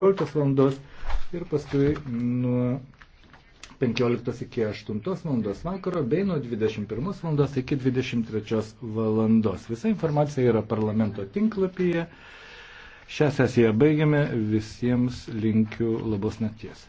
15 valandos ir paskui nuo 15 iki 8 valandos vakaro bei nuo 21 valandos iki 23 valandos. Visa informacija yra parlamento tinklapyje. Šią sesiją baigiame. Visiems linkiu labos nakties.